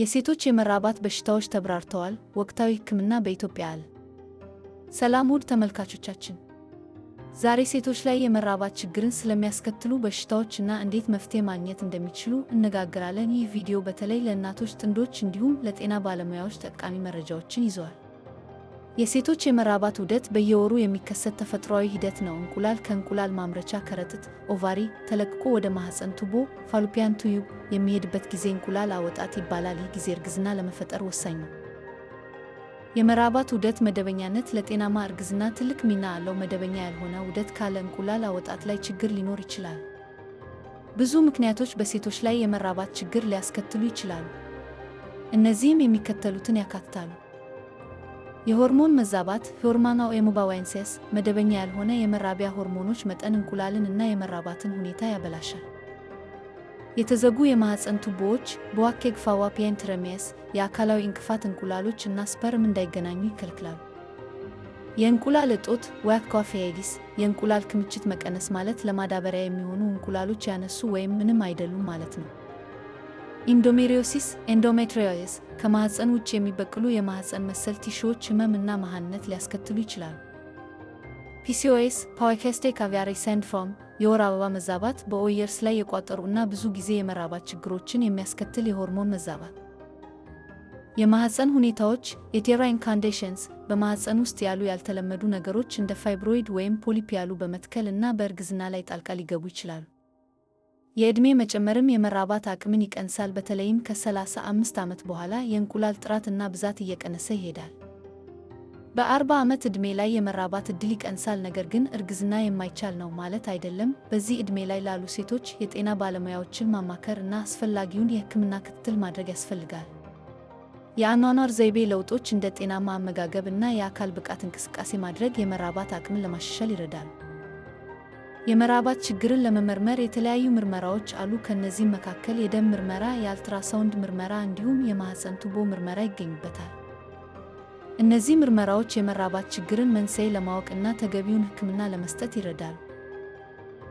የሴቶች የመራባት በሽታዎች ተብራርተዋል። ወቅታዊ ሕክምና በኢትዮጵያ አለ። ሰላም ውድ ተመልካቾቻችን፣ ዛሬ ሴቶች ላይ የመራባት ችግርን ስለሚያስከትሉ በሽታዎች ና እንዴት መፍትሄ ማግኘት እንደሚችሉ እነጋገራለን። ይህ ቪዲዮ በተለይ ለእናቶች፣ ጥንዶች እንዲሁም ለጤና ባለሙያዎች ጠቃሚ መረጃዎችን ይዘዋል። የሴቶች የመራባት ዑደት በየወሩ የሚከሰት ተፈጥሯዊ ሂደት ነው። እንቁላል ከእንቁላል ማምረቻ ከረጢት ኦቫሪ ተለቅቆ ወደ ማህፀን ቱቦ ፋሎፒያን ቱዩብ የሚሄድበት ጊዜ እንቁላል አወጣት ይባላል። ይህ ጊዜ እርግዝና ለመፈጠር ወሳኝ ነው። የመራባት ዑደት መደበኛነት ለጤናማ እርግዝና ትልቅ ሚና አለው። መደበኛ ያልሆነ ዑደት ካለ እንቁላል አወጣት ላይ ችግር ሊኖር ይችላል። ብዙ ምክንያቶች በሴቶች ላይ የመራባት ችግር ሊያስከትሉ ይችላሉ። እነዚህም የሚከተሉትን ያካትታሉ። የሆርሞን መዛባት ሆርማናው ኤሞባዋይንሴስ መደበኛ ያልሆነ የመራቢያ ሆርሞኖች መጠን እንቁላልን እና የመራባትን ሁኔታ ያበላሻል። የተዘጉ የማህፀን ቱቦዎች በዋኬግፋዋ ፒንትረሜስ የአካላዊ እንቅፋት እንቁላሎች እና ስፐርም እንዳይገናኙ ይከልክላሉ። የእንቁላል እጦት ዋክኳፌያጊስ የእንቁላል ክምችት መቀነስ ማለት ለማዳበሪያ የሚሆኑ እንቁላሎች ያነሱ ወይም ምንም አይደሉም ማለት ነው። ኢንዶሜሪዮሲስ ኤንዶሜትሪዮሲስ ከማህፀን ውጭ የሚበቅሉ የማህፀን መሰል ቲሹዎች ህመም እና መሃንነት ሊያስከትሉ ይችላሉ። ፒሲኦኤስ ፖሊኪስቲክ ካቪያሪ ሲንድሮም የወር አበባ መዛባት በኦየርስ ላይ የቋጠሩ እና ብዙ ጊዜ የመራባት ችግሮችን የሚያስከትል የሆርሞን መዛባት። የማህፀን ሁኔታዎች የቴራ ኢንካንዴሽንስ በማህፀን ውስጥ ያሉ ያልተለመዱ ነገሮች እንደ ፋይብሮይድ ወይም ፖሊፕ ያሉ በመትከል እና በእርግዝና ላይ ጣልቃ ሊገቡ ይችላሉ። የዕድሜ መጨመርም የመራባት አቅምን ይቀንሳል። በተለይም ከ35 ዓመት በኋላ የእንቁላል ጥራትና ብዛት እየቀነሰ ይሄዳል። በ40 ዓመት ዕድሜ ላይ የመራባት ዕድል ይቀንሳል። ነገር ግን እርግዝና የማይቻል ነው ማለት አይደለም። በዚህ ዕድሜ ላይ ላሉ ሴቶች የጤና ባለሙያዎችን ማማከር እና አስፈላጊውን የሕክምና ክትትል ማድረግ ያስፈልጋል። የአኗኗር ዘይቤ ለውጦች እንደ ጤናማ አመጋገብ እና የአካል ብቃት እንቅስቃሴ ማድረግ የመራባት አቅምን ለማሻሻል ይረዳል። የመራባት ችግርን ለመመርመር የተለያዩ ምርመራዎች አሉ። ከነዚህም መካከል የደም ምርመራ፣ የአልትራሳውንድ ምርመራ እንዲሁም የማህፀን ቱቦ ምርመራ ይገኙበታል። እነዚህ ምርመራዎች የመራባት ችግርን መንስኤ ለማወቅና ተገቢውን ሕክምና ለመስጠት ይረዳሉ።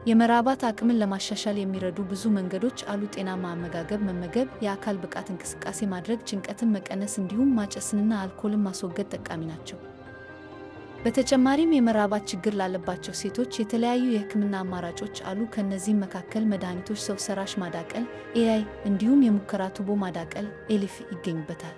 የመራባት አቅምን ለማሻሻል የሚረዱ ብዙ መንገዶች አሉ። ጤናማ አመጋገብ መመገብ፣ የአካል ብቃት እንቅስቃሴ ማድረግ፣ ጭንቀትን መቀነስ እንዲሁም ማጨስንና አልኮልን ማስወገድ ጠቃሚ ናቸው። በተጨማሪም የመራባት ችግር ላለባቸው ሴቶች የተለያዩ የህክምና አማራጮች አሉ። ከእነዚህም መካከል መድኃኒቶች፣ ሰው ሰራሽ ማዳቀል ኤአይ፣ እንዲሁም የሙከራ ቱቦ ማዳቀል ኤሊፍ ይገኙበታል።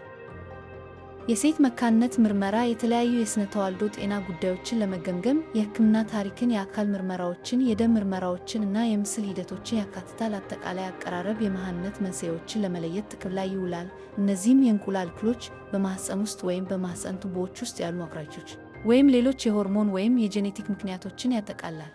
የሴት መካንነት ምርመራ የተለያዩ የስነ ተዋልዶ ጤና ጉዳዮችን ለመገምገም የህክምና ታሪክን፣ የአካል ምርመራዎችን፣ የደም ምርመራዎችን እና የምስል ሂደቶችን ያካትታል። አጠቃላይ አቀራረብ የመሃንነት መንስኤዎችን ለመለየት ጥቅም ላይ ይውላል። እነዚህም የእንቁላል ክሎች፣ በማህፀን ውስጥ ወይም በማህፀን ቱቦዎች ውስጥ ያሉ አቅራቾች ወይም ሌሎች የሆርሞን ወይም የጄኔቲክ ምክንያቶችን ያጠቃልላል።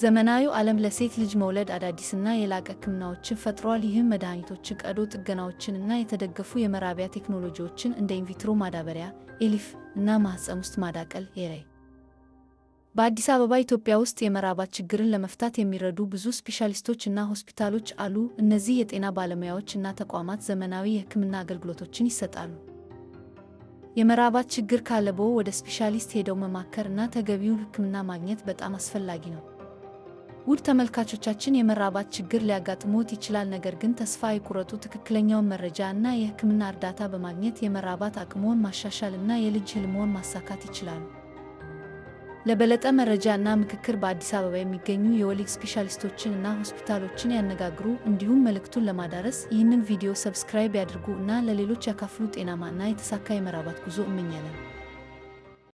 ዘመናዊው ዓለም ለሴት ልጅ መውለድ አዳዲስና የላቀ ሕክምናዎችን ፈጥሯል። ይህም መድኃኒቶችን፣ ቀዶ ጥገናዎችን እና የተደገፉ የመራቢያ ቴክኖሎጂዎችን እንደ ኢንቪትሮ ማዳበሪያ፣ ኤሊፍ እና ማህፀን ውስጥ ማዳቀል ኤራይ በአዲስ አበባ ኢትዮጵያ ውስጥ የመራባት ችግርን ለመፍታት የሚረዱ ብዙ ስፔሻሊስቶች እና ሆስፒታሎች አሉ። እነዚህ የጤና ባለሙያዎች እና ተቋማት ዘመናዊ የሕክምና አገልግሎቶችን ይሰጣሉ። የመራባት ችግር ካለቦ ወደ ስፔሻሊስት ሄደው መማከር እና ተገቢውን ሕክምና ማግኘት በጣም አስፈላጊ ነው። ውድ ተመልካቾቻችን የመራባት ችግር ሊያጋጥሞት ይችላል፣ ነገር ግን ተስፋ ይቁረጡ። ትክክለኛውን መረጃ እና የሕክምና እርዳታ በማግኘት የመራባት አቅሞን ማሻሻል እና የልጅ ህልሞን ማሳካት ይችላሉ። ለበለጠ መረጃ እና ምክክር በአዲስ አበባ የሚገኙ የወሊድ ስፔሻሊስቶችን እና ሆስፒታሎችን ያነጋግሩ። እንዲሁም መልእክቱን ለማዳረስ ይህንን ቪዲዮ ሰብስክራይብ ያድርጉ እና ለሌሎች ያካፍሉ። ጤናማ የተሳካ የመራባት ጉዞ እመኛለን።